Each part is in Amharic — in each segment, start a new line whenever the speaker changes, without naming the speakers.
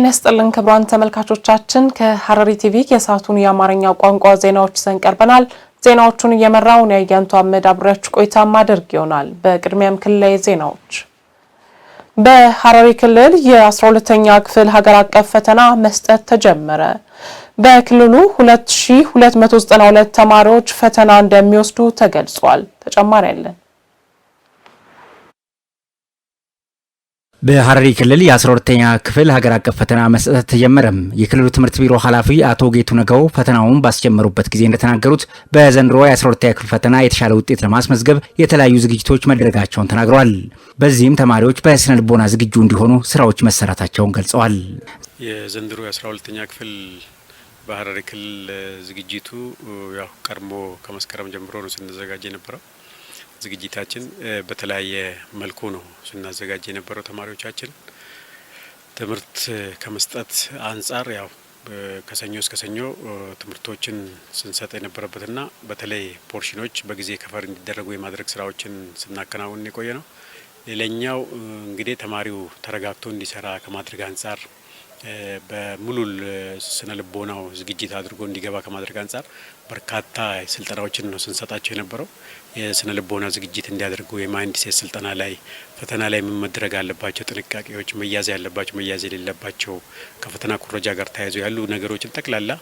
ጤና ይስጥልን ክቡራን ተመልካቾቻችን፣ ከሐረሪ ቲቪ የሰዓቱን የአማርኛ ቋንቋ ዜናዎች ይዘን ቀርበናል። ዜናዎቹን እየመራው ነው ያያንቱ አመድ አብሬያችሁ ቆይታ ማድረግ ይሆናል። በቅድሚያም ክልላዊ ዜናዎች። በሐረሪ ክልል የ12ኛ ክፍል ሀገር አቀፍ ፈተና መስጠት ተጀመረ። በክልሉ 2292 ተማሪዎች ፈተና እንደሚወስዱ ተገልጿል። ተጨማሪ አለን
በሐረሪ ክልል የ12ተኛ ክፍል ሀገር አቀፍ ፈተና መስጠት ተጀመረም። የክልሉ ትምህርት ቢሮ ኃላፊ አቶ ጌቱ ነገው ፈተናውን ባስጀመሩበት ጊዜ እንደተናገሩት በዘንድሮ የ12ተኛ ክፍል ፈተና የተሻለ ውጤት ለማስመዝገብ የተለያዩ ዝግጅቶች መደረጋቸውን ተናግረዋል። በዚህም ተማሪዎች በስነ ልቦና ዝግጁ እንዲሆኑ ስራዎች መሰራታቸውን ገልጸዋል።
የዘንድሮ የ12ተኛ ክፍል በሐረሪ ክልል ዝግጅቱ ያው ቀድሞ ከመስከረም ጀምሮ ነው ስንዘጋጅ የነበረው ዝግጅታችን በተለያየ መልኩ ነው ስናዘጋጅ የነበረው። ተማሪዎቻችን ትምህርት ከመስጠት አንጻር ያው ከሰኞ እስከ ሰኞ ትምህርቶችን ስንሰጥ የነበረበትና በተለይ ፖርሽኖች በጊዜ ከፈር እንዲደረጉ የማድረግ ስራዎችን ስናከናውን የቆየ ነው። ሌላኛው እንግዲህ ተማሪው ተረጋግቶ እንዲሰራ ከማድረግ አንጻር በሙሉ ስነ ልቦናው ዝግጅት አድርጎ እንዲገባ ከማድረግ አንጻር በርካታ ስልጠናዎችን ነው ስንሰጣቸው የነበረው። የስነ ልቦና ዝግጅት እንዲያደርጉ የማይንድ ሴት ስልጠና ላይ ፈተና ላይ ምን መድረግ አለባቸው፣ ጥንቃቄዎች መያዝ ያለባቸው መያዝ የሌለባቸው፣ ከፈተና ኩረጃ ጋር ተያይዞ ያሉ ነገሮችን ጠቅላላ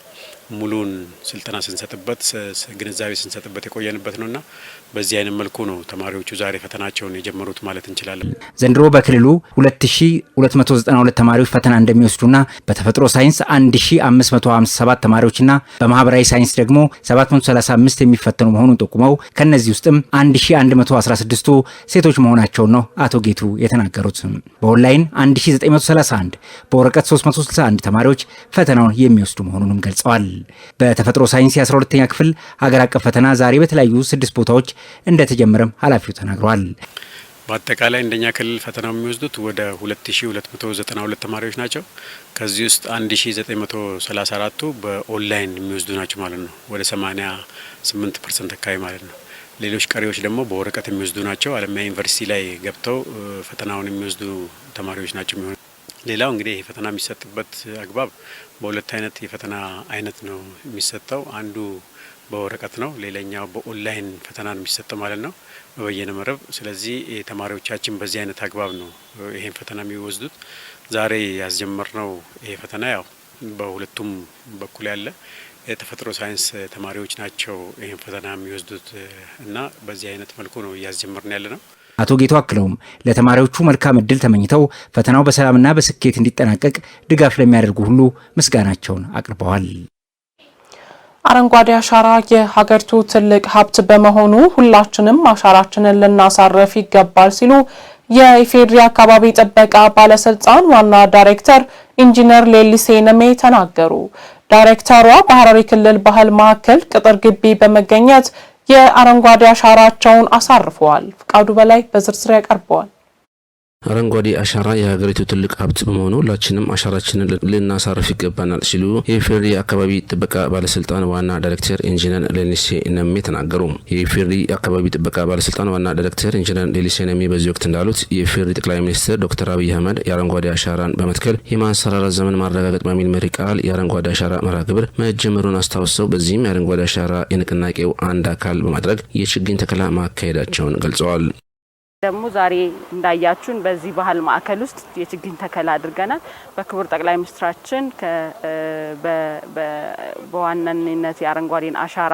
ሙሉን ስልጠና ስንሰጥበት ግንዛቤ ስንሰጥበት የቆየንበት ነውና በዚህ አይነት መልኩ ነው ተማሪዎቹ ዛሬ ፈተናቸውን የጀመሩት ማለት እንችላለን።
ዘንድሮ በክልሉ 2292 ተማሪዎች ፈተና እንደሚወስዱና በተፈጥሮ ሳይንስ 1557 ተማሪዎችና በማህበራዊ ሳይንስ ደግሞ 735 የሚፈተኑ መሆኑን ጠቁመው ከእነዚህ ውስጥም 1116ቱ ሴቶች መሆናቸውን ነው አቶ ጌቱ የተናገሩት። በኦንላይን 1931 በወረቀት 361 ተማሪዎች ፈተናውን የሚወስዱ መሆኑንም ገልጸዋል። በተፈጥሮ ሳይንስ የ12ኛ ክፍል ሀገር አቀፍ ፈተና ዛሬ በተለያዩ ስድስት ቦታዎች እንደተጀመረም ኃላፊው ተናግረዋል።
በአጠቃላይ እንደኛ ክልል ፈተናው የሚወስዱት ወደ 2292 ተማሪዎች ናቸው። ከዚህ ውስጥ 1934ቱ በኦንላይን የሚወስዱ ናቸው ማለት ነው ወደ 80 ስምንት ፐርሰንት አካባቢ ማለት ነው። ሌሎች ቀሪዎች ደግሞ በወረቀት የሚወስዱ ናቸው። አለማያ ዩኒቨርሲቲ ላይ ገብተው ፈተናውን የሚወስዱ ተማሪዎች ናቸው የሚሆኑ። ሌላው እንግዲህ ይህ ፈተና የሚሰጥበት አግባብ በሁለት አይነት የፈተና አይነት ነው የሚሰጠው። አንዱ በወረቀት ነው፣ ሌላኛው በኦንላይን ፈተና ነው የሚሰጠው ማለት ነው በበየነ መረብ። ስለዚህ ተማሪዎቻችን በዚህ አይነት አግባብ ነው ይሄን ፈተና የሚወስዱት። ዛሬ ያስጀመር ነው ይሄ ፈተና ያው በሁለቱም በኩል ያለ የተፈጥሮ ሳይንስ ተማሪዎች ናቸው ይህን ፈተና የሚወስዱት እና በዚህ አይነት መልኩ ነው እያስጀመርን ያለ ነው።
አቶ ጌቱ አክለውም ለተማሪዎቹ መልካም እድል ተመኝተው ፈተናው በሰላምና በስኬት እንዲጠናቀቅ ድጋፍ ለሚያደርጉ ሁሉ ምስጋናቸውን አቅርበዋል።
አረንጓዴ አሻራ የሀገሪቱ ትልቅ ሀብት በመሆኑ ሁላችንም አሻራችንን ልናሳረፍ ይገባል ሲሉ የኢፌዴሪ አካባቢ ጥበቃ ባለስልጣን ዋና ዳይሬክተር ኢንጂነር ሌሊሴ ነሜ ተናገሩ። ዳይሬክተሯ በሐረሪ ክልል ባህል ማዕከል ቅጥር ግቢ በመገኘት የአረንጓዴ አሻራቸውን አሳርፈዋል። ፍቃዱ በላይ በዝርዝር ያቀርበዋል።
አረንጓዴ አሻራ የሀገሪቱ ትልቅ ሀብት በመሆኑ ሁላችንም አሻራችንን ልናሳርፍ ይገባናል ሲሉ የኢፌዴሪ አካባቢ ጥበቃ ባለስልጣን ዋና ዳይሬክተር ኢንጂነር ሌሊሴ ነሜ ተናገሩ። የኢፌዴሪ አካባቢ ጥበቃ ባለስልጣን ዋና ዳይሬክተር ኢንጂነር ሌሊሴ ነሜ በዚህ ወቅት እንዳሉት የኢፌዴሪ ጠቅላይ ሚኒስትር ዶክተር አብይ አህመድ የአረንጓዴ አሻራን በመትከል የማንሰራራት ዘመን ማረጋገጥ በሚል መሪ ቃል የአረንጓዴ አሻራ መርሃ ግብር መጀመሩን አስታውሰው በዚህም የአረንጓዴ አሻራ የንቅናቄው አንድ አካል በማድረግ የችግኝ ተከላ ማካሄዳቸውን ገልጸዋል።
ደግሞ ዛሬ እንዳያችሁን በዚህ ባህል ማዕከል ውስጥ የችግኝ ተከላ አድርገናል። በክቡር ጠቅላይ ሚኒስትራችን በዋናነት የአረንጓዴን አሻራ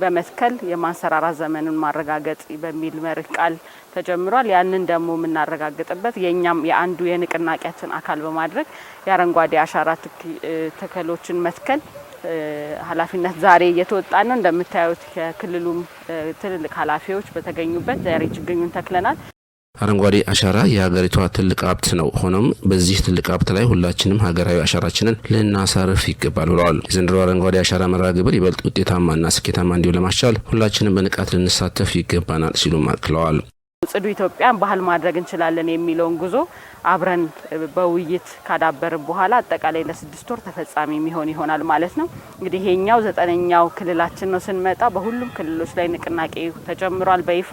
በመትከል የማንሰራራ ዘመንን ማረጋገጥ በሚል መርህ ቃል ተጀምሯል። ያንን ደግሞ የምናረጋግጥበት የእኛም የአንዱ የንቅናቄያችን አካል በማድረግ የአረንጓዴ አሻራ ተከሎችን መትከል ኃላፊነት ዛሬ እየተወጣ ነው። እንደምታዩት ከክልሉም ትልልቅ ኃላፊዎች በተገኙበት ዛሬ ችግኙን ተክለናል።
አረንጓዴ አሻራ የሀገሪቷ ትልቅ ሀብት ነው። ሆኖም በዚህ ትልቅ ሀብት ላይ ሁላችንም ሀገራዊ አሻራችንን ልናሳርፍ ይገባል ብለዋል። የዘንድሮ አረንጓዴ አሻራ መርሃ ግብር ይበልጥ ውጤታማና ስኬታማ እንዲሁ ለማስቻል ሁላችንም በንቃት ልንሳተፍ ይገባናል ሲሉም አክለዋል።
ጽዱ ኢትዮጵያን ባህል ማድረግ እንችላለን የሚለውን ጉዞ አብረን በውይይት ካዳበርን በኋላ አጠቃላይ ለስድስት ወር ተፈጻሚ የሚሆን ይሆናል ማለት ነው። እንግዲህ ይሄኛው ዘጠነኛው ክልላችን ነው። ስንመጣ በሁሉም ክልሎች ላይ ንቅናቄ ተጀምሯል በይፋ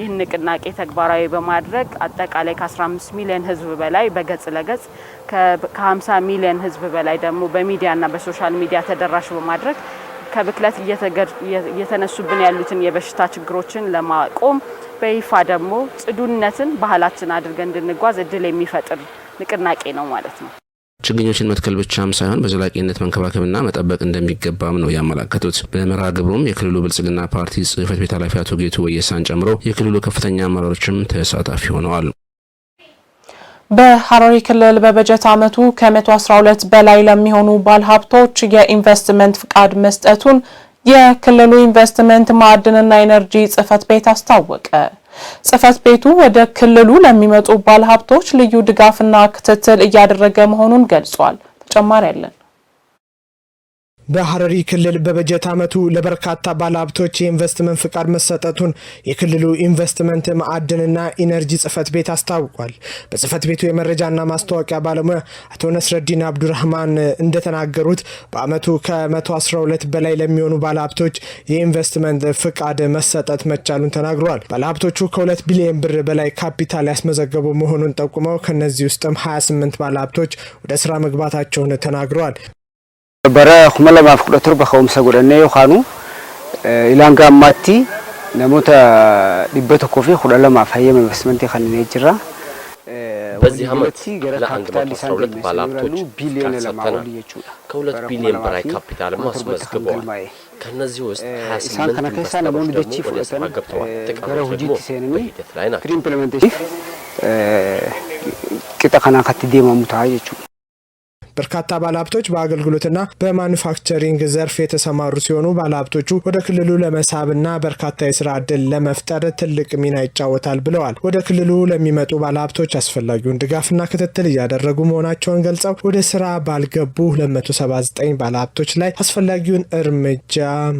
ይህን ንቅናቄ ተግባራዊ በማድረግ አጠቃላይ ከ15 ሚሊዮን ህዝብ በላይ በገጽ ለገጽ ከ50 ሚሊዮን ህዝብ በላይ ደግሞ በሚዲያና በሶሻል ሚዲያ ተደራሽ በማድረግ ከብክለት እየተነሱብን ያሉትን የበሽታ ችግሮችን ለማቆም በይፋ ደግሞ ጽዱነትን ባህላችን አድርገን እንድንጓዝ እድል የሚፈጥር ንቅናቄ ነው ማለት ነው።
ችግኞችን መትከል ብቻም ሳይሆን በዘላቂነት መንከባከብና መጠበቅ እንደሚገባም ነው ያመላከቱት። በመርሃ ግብሩም የክልሉ ብልጽግና ፓርቲ ጽህፈት ቤት ኃላፊ አቶ ጌቱ ወየሳን ጨምሮ የክልሉ ከፍተኛ አመራሮችም ተሳታፊ ሆነዋል።
በሐረሪ ክልል በበጀት ዓመቱ ከ 112 በላይ ለሚሆኑ ባለሀብቶች የኢንቨስትመንት ፍቃድ መስጠቱን የክልሉ ኢንቨስትመንት ማዕድንና ኢነርጂ ጽህፈት ቤት አስታወቀ። ጽህፈት ቤቱ ወደ ክልሉ ለሚመጡ ባለሀብቶች ልዩ ድጋፍና ክትትል እያደረገ መሆኑን ገልጿል። ተጨማሪ አለን።
በሐረሪ ክልል በበጀት ዓመቱ ለበርካታ ባለሀብቶች የኢንቨስትመንት ፍቃድ መሰጠቱን የክልሉ ኢንቨስትመንት ማዕድንና ኢነርጂ ጽህፈት ቤት አስታውቋል። በጽህፈት ቤቱ የመረጃና ማስታወቂያ ባለሙያ አቶ ነስረዲን አብዱራህማን እንደተናገሩት በዓመቱ ከ112 በላይ ለሚሆኑ ባለሀብቶች የኢንቨስትመንት ፍቃድ መሰጠት መቻሉን ተናግረዋል። ባለሀብቶቹ ከ2 ቢሊዮን ብር በላይ ካፒታል ያስመዘገቡ መሆኑን ጠቁመው ከእነዚህ ውስጥም 28 ባለሀብቶች ወደ ስራ መግባታቸውን ተናግረዋል።
bara kuma lamaaf kudha torba ka'umsa godhannee yookaanu ilaan gaammaatti namoota dhibba tokkoo fi kudha lamaaf hayyama investimentii kanneen jira.
በዚህ ዓመት ለ112 ባለሀብቶች ቃል ሰጥተናል። ከሁለት ቢሊዮን በላይ ካፒታልም አስመዝግበዋል። ከእነዚህ ውስጥ 28 ኢንቨስተሮች ደግሞ ወደ ስራ ገብተዋል። ጥቃቶች ደግሞ በሂደት ላይ
ናቸው። ቅጠ ከናካት ዴማሙታ ጀቹ
በርካታ ባለሀብቶች በአገልግሎትና በማኑፋክቸሪንግ ዘርፍ የተሰማሩ ሲሆኑ ባለሀብቶቹ ወደ ክልሉ ለመሳብና በርካታ የስራ እድል ለመፍጠር ትልቅ ሚና ይጫወታል ብለዋል። ወደ ክልሉ ለሚመጡ ባለሀብቶች አስፈላጊውን ድጋፍና ክትትል እያደረጉ መሆናቸውን ገልጸው ወደ ስራ ባልገቡ 279 ባለሀብቶች ላይ አስፈላጊውን እርምጃ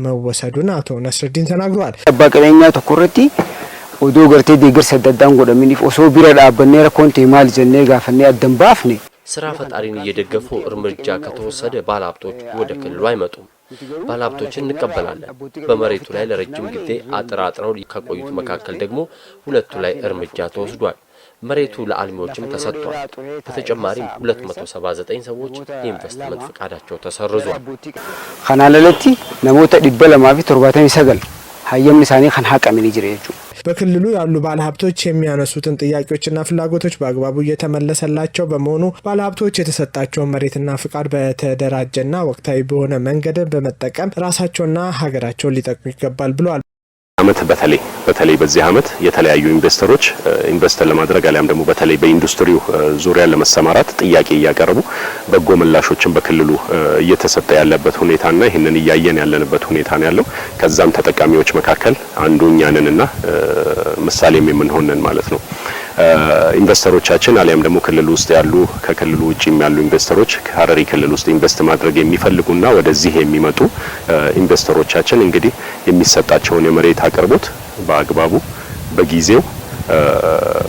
መወሰዱን አቶ ነስርዲን ተናግረዋል።
ጠባቀበኛ ተኮረቲ ኦዶ ገርቴ ዲግር ሰደዳን ጎደሚኒፍ ኦሶ ቢረ ዳበኔ ረኮንቴ ማል ጀኔ ጋፈኔ አደንባፍኔ
ስራ ፈጣሪን እየደገፉ እርምጃ ከተወሰደ ባለሀብቶች ወደ ክልሉ አይመጡም። ባለሀብቶችን እንቀበላለን። በመሬቱ ላይ ለረጅም ጊዜ አጥራጥረው ከቆዩት መካከል ደግሞ ሁለቱ ላይ እርምጃ ተወስዷል። መሬቱ ለአልሚዎችም ተሰጥቷል። በተጨማሪም 279 ሰዎች የኢንቨስትመንት ፈቃዳቸው ተሰርዟል።
ከናለለቲ ነሞተ ዲበ ለማፊ ይሰገል ሀየም ሳኔ ከን ሀቀምን
በክልሉ ያሉ ባለሀብቶች የሚያነሱትን ጥያቄዎችና ፍላጎቶች በአግባቡ እየተመለሰላቸው በመሆኑ ባለሀብቶች የተሰጣቸውን መሬትና ፍቃድ በተደራጀና ወቅታዊ በሆነ መንገድን በመጠቀም ራሳቸውና ሀገራቸውን ሊጠቅሙ ይገባል ብለዋል።
አመት በተለይ በተለይ በዚህ አመት የተለያዩ ኢንቨስተሮች ኢንቨስተር ለማድረግ አሊያም ደግሞ በተለይ በኢንዱስትሪው ዙሪያ ለመሰማራት ጥያቄ እያቀረቡ በጎ ምላሾችን በክልሉ እየተሰጠ ያለበት ሁኔታና ይህንን እያየን ያለንበት ሁኔታ ነው ያለው። ከዛም ተጠቃሚዎች መካከል አንዱ እኛንንና ምሳሌም የምንሆንን ማለት ነው። ኢንቨስተሮቻችን አሊያም ደግሞ ክልል ውስጥ ያሉ ከክልሉ ውጭ ያሉ ኢንቨስተሮች ሀረሪ ክልል ውስጥ ኢንቨስት ማድረግ የሚፈልጉና ወደዚህ የሚመጡ ኢንቨስተሮቻችን እንግዲህ የሚሰጣቸውን የመሬት አቅርቦት በአግባቡ በጊዜው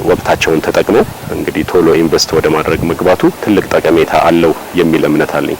ወቅታቸውን ተጠቅመው እንግዲህ ቶሎ ኢንቨስት ወደ ማድረግ መግባቱ ትልቅ ጠቀሜታ አለው የሚል እምነት አለኝ።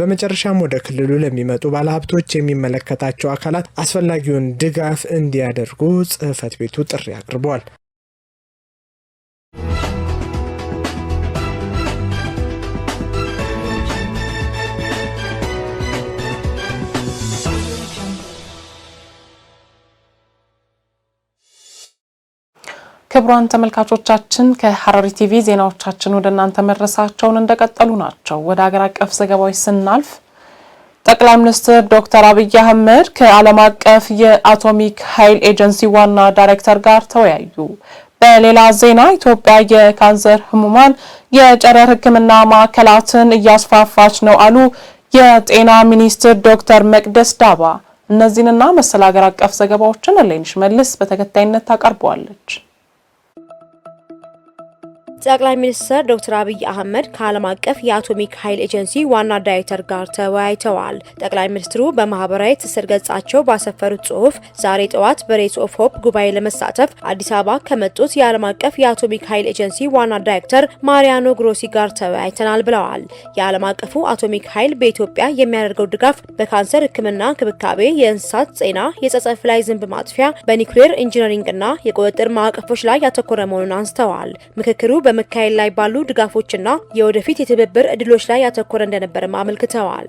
በመጨረሻም ወደ ክልሉ ለሚመጡ ባለሀብቶች የሚመለከታቸው አካላት አስፈላጊውን ድጋፍ እንዲያደርጉ ጽህፈት ቤቱ ጥሪ አቅርበዋል።
ክቡራን ተመልካቾቻችን ከሐረሪ ቲቪ ዜናዎቻችን ወደ እናንተ መድረሳቸውን እንደቀጠሉ ናቸው። ወደ ሀገር አቀፍ ዘገባዎች ስናልፍ ጠቅላይ ሚኒስትር ዶክተር አብይ አህመድ ከዓለም አቀፍ የአቶሚክ ኃይል ኤጀንሲ ዋና ዳይሬክተር ጋር ተወያዩ። በሌላ ዜና ኢትዮጵያ የካንሰር ህሙማን የጨረር ሕክምና ማዕከላትን እያስፋፋች ነው አሉ የጤና ሚኒስትር ዶክተር መቅደስ ዳባ። እነዚህንና መሰል ሀገር አቀፍ ዘገባዎችን ሌንሽ መልስ በተከታይነት ታቀርበዋለች።
ጠቅላይ ሚኒስትር ዶክተር አብይ አህመድ ከዓለም አቀፍ የአቶሚክ ኃይል ኤጀንሲ ዋና ዳይሬክተር ጋር ተወያይተዋል። ጠቅላይ ሚኒስትሩ በማህበራዊ ትስስር ገጻቸው ባሰፈሩት ጽሁፍ ዛሬ ጠዋት በሬስ ኦፍ ሆፕ ጉባኤ ለመሳተፍ አዲስ አበባ ከመጡት የዓለም አቀፍ የአቶሚክ ኃይል ኤጀንሲ ዋና ዳይሬክተር ማሪያኖ ግሮሲ ጋር ተወያይተናል ብለዋል። የዓለም አቀፉ አቶሚክ ኃይል በኢትዮጵያ የሚያደርገው ድጋፍ በካንሰር ሕክምና እንክብካቤ፣ የእንስሳት ጤና፣ የጸጸፍ ላይ ዝንብ ማጥፊያ፣ በኒውክሌር ኢንጂነሪንግና የቁጥጥር ማዕቀፎች ላይ ያተኮረ መሆኑን አንስተዋል። ምክክሩ በ በመካሄድ ላይ ባሉ ድጋፎችና የወደፊት የትብብር እድሎች ላይ ያተኮረ እንደነበረም አመልክተዋል።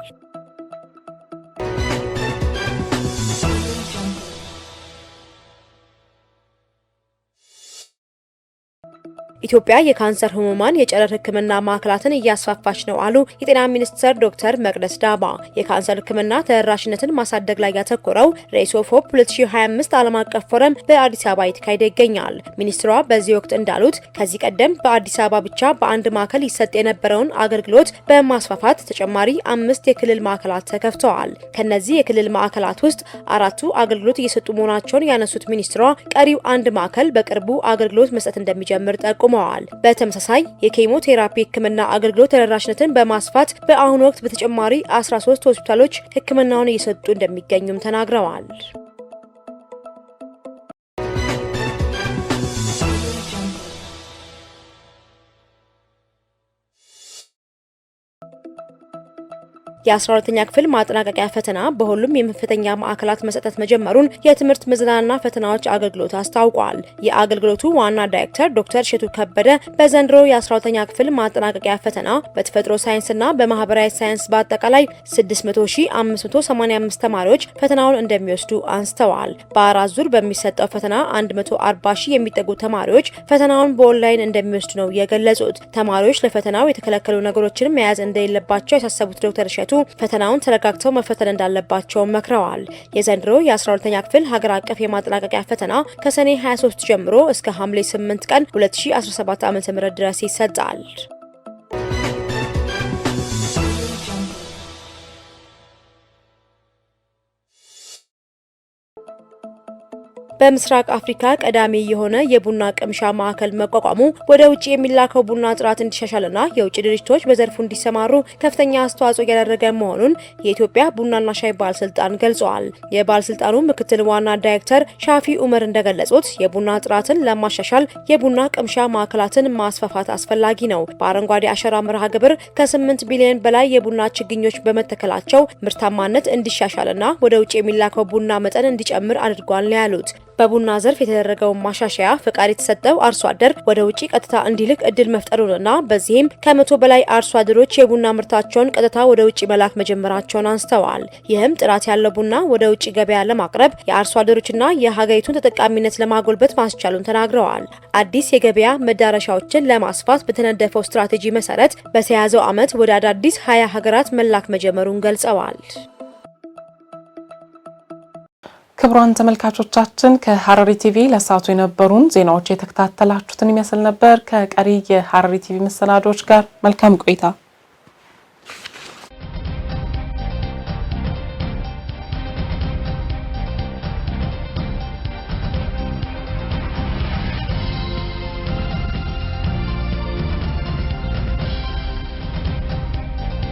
ኢትዮጵያ የካንሰር ህሙማን የጨረር ህክምና ማዕከላትን እያስፋፋች ነው አሉ የጤና ሚኒስትር ዶክተር መቅደስ ዳባ። የካንሰር ህክምና ተደራሽነትን ማሳደግ ላይ ያተኮረው ሬስ ኦፍ ሆፕ 2025 ዓለም አቀፍ ፎረም በአዲስ አበባ እየተካሄደ ይገኛል። ሚኒስትሯ በዚህ ወቅት እንዳሉት ከዚህ ቀደም በአዲስ አበባ ብቻ በአንድ ማዕከል ይሰጥ የነበረውን አገልግሎት በማስፋፋት ተጨማሪ አምስት የክልል ማዕከላት ተከፍተዋል። ከነዚህ የክልል ማዕከላት ውስጥ አራቱ አገልግሎት እየሰጡ መሆናቸውን ያነሱት ሚኒስትሯ ቀሪው አንድ ማዕከል በቅርቡ አገልግሎት መስጠት እንደሚጀምር ጠቁ ጠቁመዋል። በተመሳሳይ የኬሞቴራፒ ህክምና አገልግሎት ተደራሽነትን በማስፋት በአሁኑ ወቅት በተጨማሪ 13 ሆስፒታሎች ህክምናውን እየሰጡ እንደሚገኙም ተናግረዋል። የ12ኛ ክፍል ማጠናቀቂያ ፈተና በሁሉም የመፈተኛ ማዕከላት መሰጠት መጀመሩን የትምህርት ምዘናና ፈተናዎች አገልግሎት አስታውቋል። የአገልግሎቱ ዋና ዳይሬክተር ዶክተር እሸቱ ከበደ በዘንድሮ የ12ኛ ክፍል ማጠናቀቂያ ፈተና በተፈጥሮ ሳይንስና በማህበራዊ ሳይንስ በአጠቃላይ 60585 ተማሪዎች ፈተናውን እንደሚወስዱ አንስተዋል። በአራት ዙር በሚሰጠው ፈተና 140 ሺህ የሚጠጉ ተማሪዎች ፈተናውን በኦንላይን እንደሚወስዱ ነው የገለጹት። ተማሪዎች ለፈተናው የተከለከሉ ነገሮችን መያዝ እንደሌለባቸው ያሳሰቡት ዶክተር እሸቱ ፈተናውን ተረጋግተው መፈተን እንዳለባቸውም መክረዋል። የዘንድሮ የ12ኛ ክፍል ሀገር አቀፍ የማጠናቀቂያ ፈተና ከሰኔ 23 ጀምሮ እስከ ሐምሌ 8 ቀን 2017 ዓ.ም ድረስ ይሰጣል። በምስራቅ አፍሪካ ቀዳሚ የሆነ የቡና ቅምሻ ማዕከል መቋቋሙ ወደ ውጭ የሚላከው ቡና ጥራት እንዲሻሻልና የውጭ ድርጅቶች በዘርፉ እንዲሰማሩ ከፍተኛ አስተዋጽኦ እያደረገ መሆኑን የኢትዮጵያ ቡናና ሻይ ባለስልጣን ገልጸዋል። የባለስልጣኑ ምክትል ዋና ዳይሬክተር ሻፊ ኡመር እንደገለጹት የቡና ጥራትን ለማሻሻል የቡና ቅምሻ ማዕከላትን ማስፋፋት አስፈላጊ ነው። በአረንጓዴ አሻራ መርሃ ግብር ከ8 ቢሊዮን በላይ የቡና ችግኞች በመተከላቸው ምርታማነት እንዲሻሻልና ወደ ውጭ የሚላከው ቡና መጠን እንዲጨምር አድርጓል ነው ያሉት። በቡና ዘርፍ የተደረገውን ማሻሻያ ፍቃድ የተሰጠው አርሶ አደር ወደ ውጭ ቀጥታ እንዲልክ እድል መፍጠሩንና በዚህም ከመቶ በላይ አርሶ አደሮች የቡና ምርታቸውን ቀጥታ ወደ ውጭ መላክ መጀመራቸውን አንስተዋል። ይህም ጥራት ያለው ቡና ወደ ውጭ ገበያ ለማቅረብ የአርሶ አደሮችና የሀገሪቱን ተጠቃሚነት ለማጎልበት ማስቻሉን ተናግረዋል። አዲስ የገበያ መዳረሻዎችን ለማስፋት በተነደፈው ስትራቴጂ መሰረት በተያዘው ዓመት ወደ አዳዲስ ሀያ ሀገራት መላክ መጀመሩን ገልጸዋል።
ክቡራን ተመልካቾቻችን ከሐረሪ ቲቪ ለሰዓቱ የነበሩን ዜናዎች የተከታተላችሁትን ይመስል ነበር። ከቀሪ የሐረሪ ቲቪ መሰናዶዎች ጋር መልካም ቆይታ